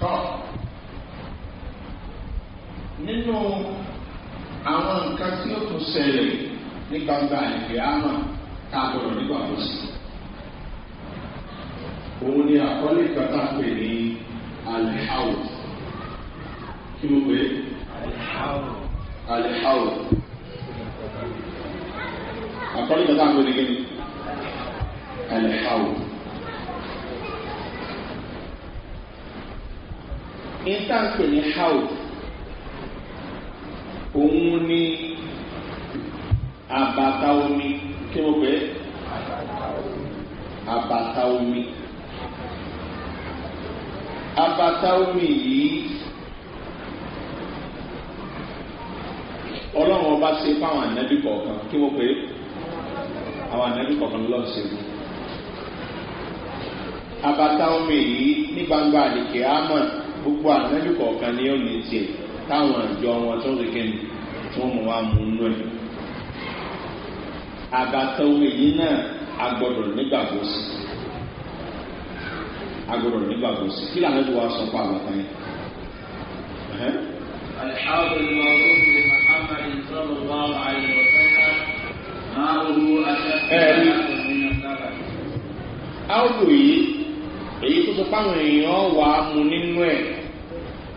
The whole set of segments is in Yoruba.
tọ́ nínú àwọn nǹkan tí ó tún ṣẹlẹ̀ ní gbangba ìgbé àmà tá a gbọdọ̀ nígbà tó sì. òun ni àkọlé kan tá a pè ní alihawu kí ló pé alihawu àkọlé kan tá pè ní kíni. intanpe ní haud òun ní àbàtà omi kí mo pè é àbàtà omi àbàtà omi yìí ọlọ́run ọba ṣe fáwọn ànábì kọ̀ọ̀kan kí mo pè é àwọn ànábì kọ̀ọ̀kan lọ́ọ̀ ṣe mú àbàtà omi yìí ní gbangba àdìkè ámọ̀n gbogbo ànábì kọ̀ọ̀kan ni ó ní tiẹ̀ táwọn àjọ wọn tó ṣe kí ni tí wọ́n mú nú ẹ̀. àbàtà òwe yìí náà a gbọ́dọ̀ nígbàgbọ́ sí a gbọ́dọ̀ nígbàgbọ́ sí kí làwọn ẹ̀dùn wa sọ fún àbàtà yẹn. الحافظ المعروف لمحمد èyí tó sọ fáwọn èèyàn wà á mu nínú ẹ̀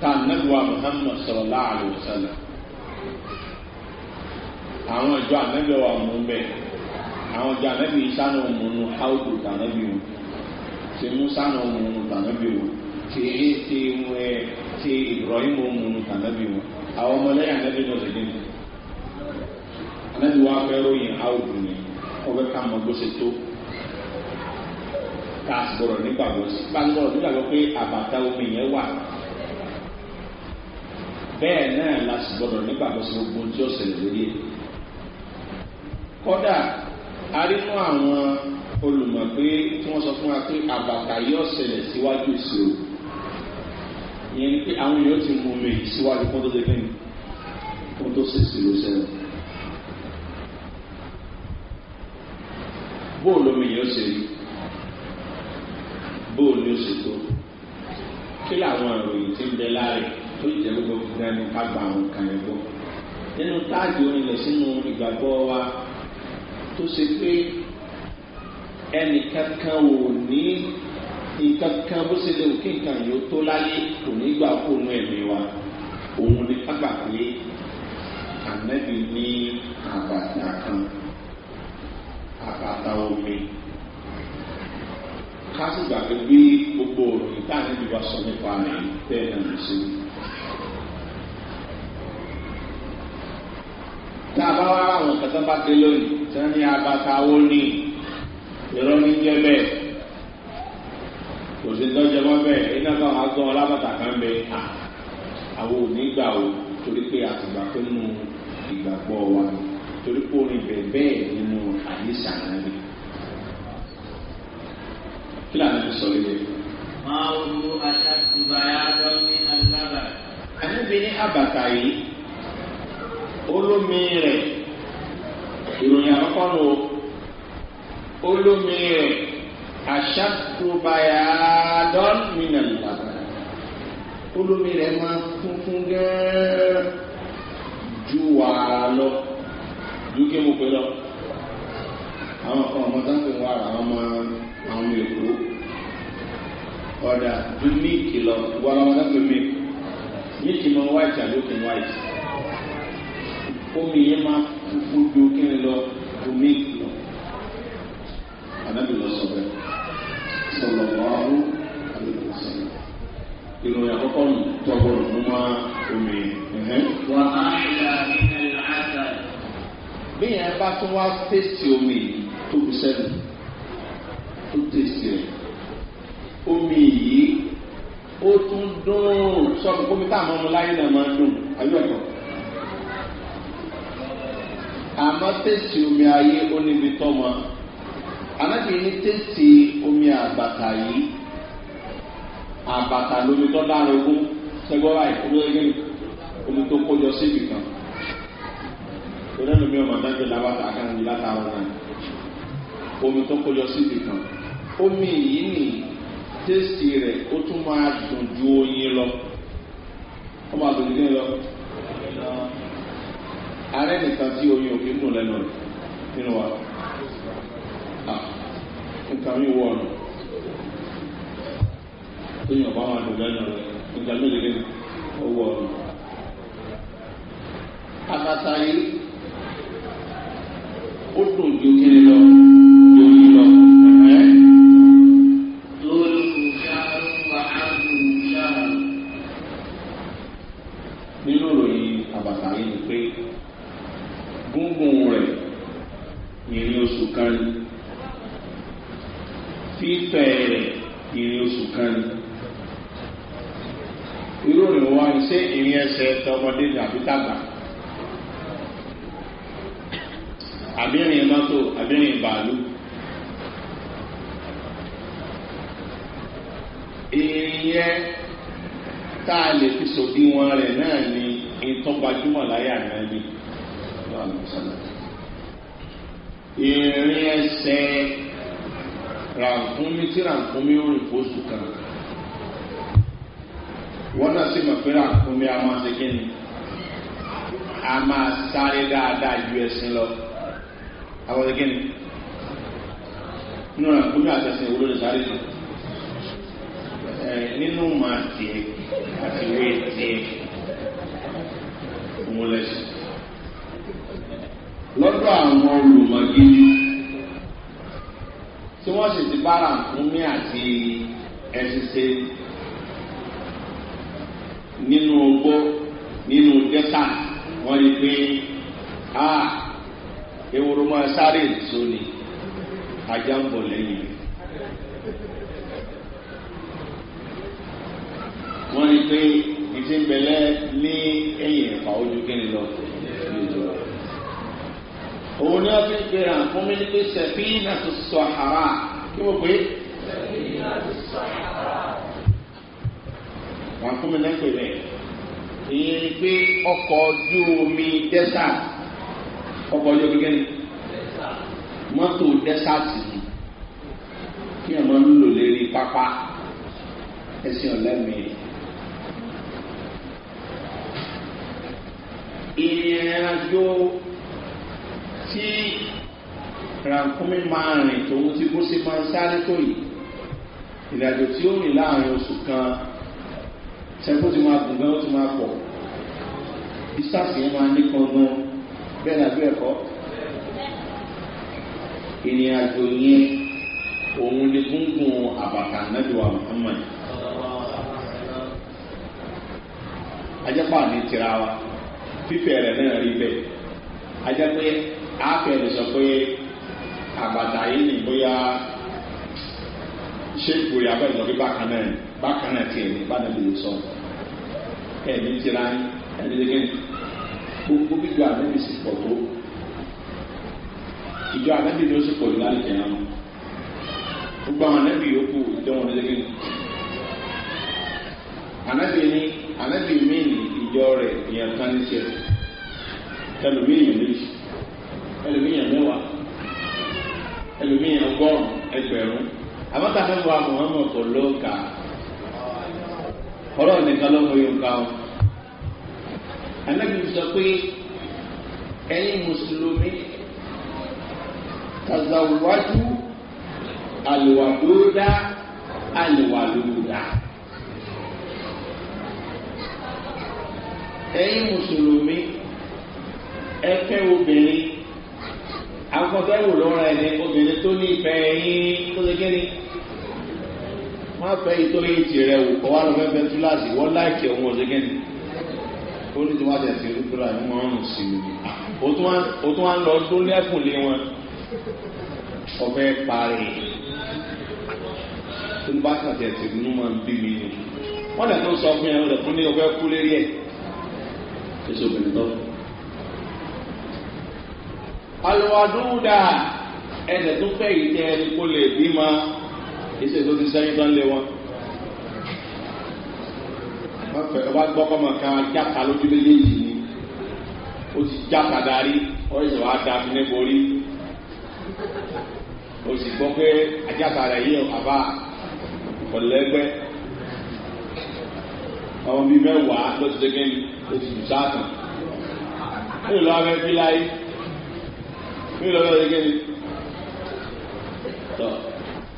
ta nàgbà muhammed sọ̀rọ̀ láàrin òsàlà àwọn ìjọ ànábì wà mú bẹ́ẹ̀ àwọn ìjọ ànábì sánà òmùnú áwùjọ tànábì wò ṣe mú sánà òmùnú tànábì wò ṣe é ṣe mú ẹ ṣe ìbùrọ̀yìn òmùnú tànábì wò àwọn ọmọlẹ́yìn ànábì náà ṣe dé ànábì wà fẹ́ ròyìn áwùjọ ni ọbẹ̀ ká mọ bó tó tá a sì gbọ́dọ̀ nígbàgbọ́ sí bá a sì gbọ́dọ̀ nígbàgbọ́ pé àbàtà omi yẹn wà bẹ́ẹ̀ náà la sì gbọ́dọ̀ nígbàgbọ́ sí gbogbo tí ó ṣẹlẹ̀ lórí ẹ̀ kọ́dà a rí mú àwọn olùmọ̀ pé tí wọ́n sọ fún wa pé àbàtà yóò ṣẹlẹ̀ síwájú ìṣòro ìyẹn ni pé àwọn èèyàn ti mú mi síwájú kó tó ṣe fẹ́ mi kó tó ṣe sí ló ṣẹlẹ̀. bóòlù omi yẹn ṣe rí bóun ni ó sì tó kí làwọn ìròyìn ti ń bẹ láàrin tó ìjẹ́ gbogbo fúnra ní ká gba àwọn nǹkan yẹn gbọ́ nínú táàgì onílẹ̀ sínú ìgbàgbọ́ wa tó ṣe pé ẹnì kankan ò ní nǹkan kan bó ṣe lè wò kí nǹkan yìí ó tó láyé kò ní gbà kó nu ẹ̀mí wa òun ni ká ànábì ní àbàtà kan àbàtà omi ká sì gbàgbé bí gbogbo òròyìn tá à ní ìdìbò sọ nípa rẹ̀ tẹ́ ẹ̀ lọ sí. tá a bá wá àwọn kẹta bá dé lónìí tí wọ́n ní abata owó ní ìrọ́ ní jẹ́ bẹ́ẹ̀ kò sí tọ́jọ́ mọ́ bẹ́ẹ̀ iná bá wàá gbọ́ ọlábàtà kan bẹ́ẹ̀ àwọn ò gbà o torí pé àtìgbà pé nù ìgbàgbọ́ wa torí pé orin bẹ̀ bẹ́ẹ̀ nínú àyè sàrànlẹ̀ kí làwọn ẹni sọ lóye. máa wo aṣáàtúbà yàtọ̀ ní alábà. àníbi ní àbàtà yìí olómi rẹ̀ ìròyìn àkọ́kọ́ nù olómi rẹ̀ aṣáàtúbà yàtọ̀ ní alábà. olómi rẹ̀ máa funfun gẹ́ẹ́ ju wàrà lọ ju kí mo pè lọ àwọn kan ọmọ tó ń pè wàrà àwọn ọmọ àwọn èkó ọ̀dà ju míìkì lọ wọ́n ọmọ tó ń pè míìkì míìkì mọ wáìtì àlókè wáìtì omi yẹn máa fúfú ju kí ni lọ ju míìkì lọ anábìlọ sọ bẹ́ẹ̀ sọlọ wàhálù àlùkò sọlọ ìròyìn àkọ́kọ́ nù tọ́gbọ̀ nù máa omi wà á yà nínú ìlànà bí yẹn bá tún wá fèsì omi yìí tó fi sẹ́nu tó tèsì rẹ̀ omi yìí ó tún dùn sọ́ọ̀bù kómi táwọn ọmọ láyé náà máa ń dùn ayé ọ̀dọ́ àmọ́ tèsì omi ayé ó níbi tọ́ wọn anábìyí ní tèsì omi àbàtà yìí àbàtà lómi tó dára ogún sẹ́gbọ́n báyìí omi tó gbé omi tó kójọ síbì kan. Ìrẹ́nu mi ò mọ̀ dájú lábàtà ní látara náà omi tó kójọ síbi kan omi yìí nì tẹ́sì rẹ̀ ó tún máa dùn ju oyin lọ ó máa dùn ju oyin lọ ààrẹ nìkan tí oyin òkè ń dùn lẹ́nu rẹ̀ nínú wa nǹkan mi wọ̀ ọ̀nà oyin ọ̀bá máa dùn lẹ́nu rẹ̀ nǹkan mi lè wọ̀ ọ̀nà akata yìí ó dùn ju kí ni lọ. àbírin mọ́tò àbírin bàálù. ìyẹn tá a lè fi sòdiwọ̀n rẹ̀ náà ni ìtọ́gbajúmọ̀ láyé àná ni ìrìn ẹsẹ̀ ràǹkúnmí tí ràǹkúnmí ó rìn fóṣù kan wọ́n náà sì mọ̀ pé ràǹkúnmí a máa ṣe kí ni a máa sáré dáadáa ju ẹ̀sìn lọ àwọn ẹgbẹ́ ni nínú ọ̀nà kúrò àtẹ̀sẹ̀ ìwúlò lè sáré jù nínú màá tiẹ̀ àti ìwé tiẹ̀ ìmúlẹ̀sìn lọ́dọ̀ àwọn olùmọ̀gidi tí wọ́n sì ti bára fún àti ẹ̀sìnṣe nínú ogbó nínú dẹ́sà wọ́n rí pé a. Ah, ewúro máa sáré èso ni ajá ń bọ̀ lẹ́yìn. wọ́n ní pé ìdí ń bẹ̀lẹ́ ní ẹ̀yìn ẹ̀fà ojú kíni lọ òun ni wọ́n fi ń pera fún mi ní pé sẹ̀fínà tó sọ àrà kí wọ́n pè é. sẹ̀fínà tó sọ wọ́n fún mi náà pè bẹ́ẹ̀ ìyẹn ni pé ọkọ̀ ojú omi dẹ́sà ọkọ̀ ọjọ́ gẹ́gẹ́ ni mọ́tò dẹ́sàtì ni kí ọmọ ń lò lérí pápá ẹsìn ọ̀lẹ́mì. ìrìn àjò tí ràǹkúmí máa rìn tòun tí bó ṣe máa ń sáré tó yìí ìrìn àjò tí ó rìn láàrin oṣù kan ṣẹ́kó ti máa gùn gan ó ti máa pọ̀ bí sáàsì yẹn máa ní kan gan bẹ́ẹ̀ ni àbí ẹ̀kọ́ ìrìn àjò yẹn òun ni gúngùn àbàkà nàbíwá muhammad ajẹ́pọ̀ àmì tira wa fífẹ́ rẹ̀ náà rí bẹ́ẹ̀ ajẹ́pẹ́ àfẹ́ rẹ̀ sọ pé àbàtà yìí ni bóyá ṣéèkù rẹ̀ abẹ́rẹ́ lọ bí bákan náà bákan náà tiẹ̀ ní bá nàbí yìí sọ ẹ̀mí tira ẹ̀mí tẹ́gẹ́ nìkan. gbogbo gbígbà ànábì sì pọ̀ tó ìjọ ànábì ni ó sì pọ̀ jù láti jẹ̀ náà gbogbo àwọn ànábì yòókù ìjọ wọn lẹ́gẹ́ ànábì ní ànábì míì ní ìjọ rẹ̀ ìyẹn kan ní tiẹ̀ ẹlòmíyàn méjì ẹlòmíyàn mẹ́wàá ẹlòmíyàn ọgọ́rùn ẹgbẹ̀rún àbátàfẹ́ wa mọ̀ọ́mọ̀ kò ló ń kà ọlọ́run anabi sọ pé ẹyin mùsùlùmí tazawwaju àlùwàdúdà àlùwàlúdà. ẹyin mùsùlùmí ẹfẹ obìnrin akọfẹ wò lọrọ ẹni obìnrin tó ní ìfẹ ẹyin tó lè kéde wọn fẹ ìtòyè tìrẹ wò kọ wà lọ fẹfẹ túláàsì wọn láìkì ọmọ ọsẹ kéde ó ní tí wọ́n jẹ́ ti rúkúrà ní wọ́n rùn sí mi ó tún wá ń lọ tó lẹ́kùn lé wọn ọbẹ̀ parí tó ní bá kàtẹ́ ti nú máa ń bí mi ni wọ́n dẹ̀ tó sọ fún yẹn lọ́dẹ̀ fún ní ọbẹ̀ kú lérí ẹ̀ tó ṣe obìnrin tó. alùwàdúrúdà ẹ̀dẹ̀ tó fẹ́ yìí tẹ́ ẹni kó lè bí ma ìṣètò ti sẹ́yìn tán lé wọn fẹ́ wá gbọ́ kọ́mọ kan játa lójú méjèèjì ni ó ti játa darí ọ̀rẹ́sẹ̀ wá da fi ní borí ó sì gbọ́ pé ajáta rẹ̀ yíyan bàbá ọ̀lẹ́gbẹ́ ọmọ bíi mẹ́wàá ló ti dégé ní ó ti jù sáàtàn ó lọ abẹ́ bí láyé ó lọ lọ dégé ní tọ́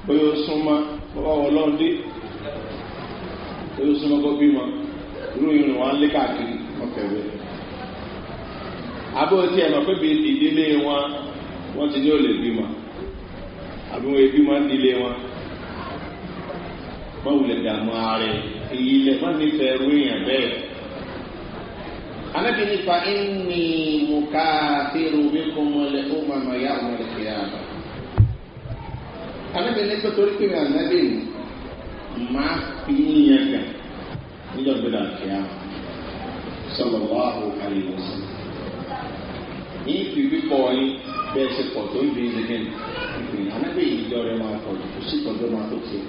bóyá ó súnmọ́ bọ́wọ́ ọlọ́run dé bóyá ó súnmọ́ kó irú irun wọn lé káàkiri ọkẹ̀wé abó tí ẹ̀ mọ̀ pé ìdílé wọn wọ́n ti ní ò bímọ àbí wọn máa ń dílé wọn wọ́n wulẹ̀ dààmú ààrẹ èyí ilẹ̀ wọ́n nífẹ̀ẹ́ ẹrú èèyàn bẹ́ẹ̀ anabi nípa ẹni mo ká fèrè omi kó mọlẹ ó máa ma yá àwọn ọmọdé kìí àbá anabi nípa torí pé mi ànábì máa fi yíyan gàn gbẹ̀dà kíá sọlọ́wọ́ àbúkà yìí wọ́n sí. ní ìpìlú pọ̀ yín bẹ́ẹ̀ ṣe pọ̀ tó ń bí ẹ̀ṣẹ̀kẹ́ ìpìlú alábẹ́ ìjọ rẹ̀ máa pọ̀ jù kò sí ìtọ́jú máa tó tiẹ̀.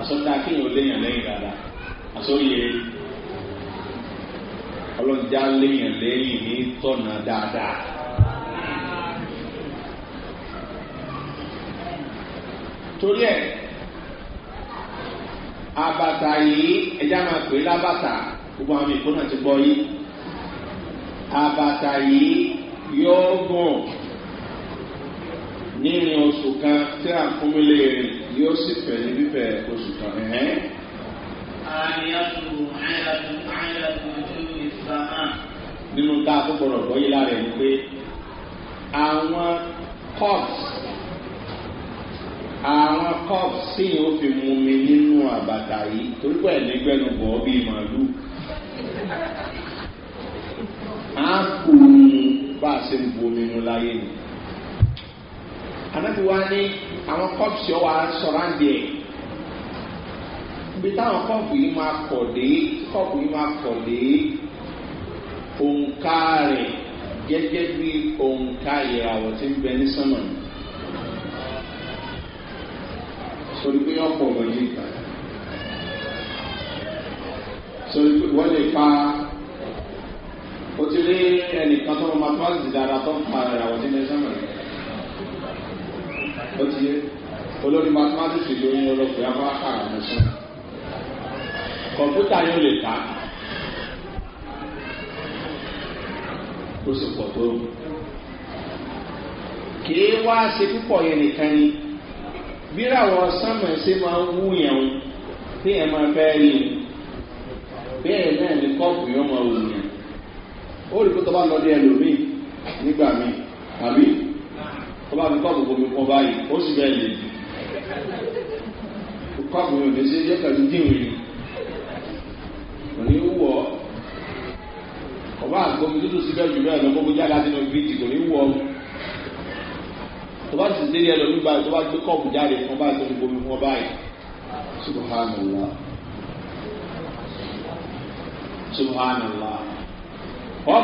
àsọdá kéèyàn léèyàn lẹ́yìn dáadáa àsọyẹ ọlọ́jà léèyàn lẹ́yìn ní tọ̀nà abàtà yìí ẹja máa pè é lábàtà gbogbo àwọn èkó náà ti gbọ́ yìí abàtà yìí yóò gùn nínú oṣù kan tí a fún mi lè rìn yóò sì fẹ̀ ní fífẹ̀ oṣù kan. àyàtò àyàtò àyàtò ojú ìsàmà. nínú tá a tó gbọdọ̀ gbọ́ yìí lára ẹ̀ ni pé àwọn cups àwọn cups tí yóò fi mu mi nínú àbàtà yìí torí pé ẹ̀ẹ́dẹ́gbẹ́nu bọ̀ ọ́ bíi màálù á kù bá a ṣe ń bu omi mu láyé ni. Ànábi wa ní àwọn cups yóò wá sọ̀rọ̀ àǹdíẹ̀ ibi táwọn kọ́ọ̀pù yìí máa kọ̀ dé kọ́ọ̀pù yìí máa kọ̀ dé òǹkà rẹ̀ gẹ́gẹ́ bí òǹkà ìràwọ̀ tí ń bẹ ní sánmà ni. torí pé ọ̀pọ̀ ọ̀gbọ̀n yìí kà torí pé wọ́n lè pa o ti rí ẹnìkan tó máa tó àti dára tó ń pa ìràwọ̀ sí ẹ̀sán rẹ̀ o ti yé olórí mathematics lóyún ọlọ́pẹ̀ abáfà àmọ́sán kọ̀mpútà yóò lè ta ó sì pọ̀ tó kì í wá ṣe púpọ̀ yẹn nìkan ni bíra àwọn sánmà ṣe máa ń wú yẹn o tí ẹ máa fẹ́ rí o bẹ́ẹ̀ náà ni kọ́ọ̀pù yẹn máa wù yẹn ó rí kó tó bá lọ ní ẹlòmíì nígbà míì tàbí tó bá fi kọ́ọ̀pù bomi kan báyìí ó sì bẹ́ẹ̀ lè jù kọ́ọ̀pù yẹn ò lè ṣe yẹ pẹ̀lú díìrì ni kò ní wọ̀ ọ́ ọba àgbọ̀mí síbẹ̀ jù bẹ́ẹ̀ lọ gbogbo jáde láti inú kò ní wọ̀ ọ́ tó bá sì délé ẹlòmí báyìí tó bá gbé kọ́ọ̀bù jáde fún báyìí tó fi bomi fún ọ báyìí subhanallah subhanallah.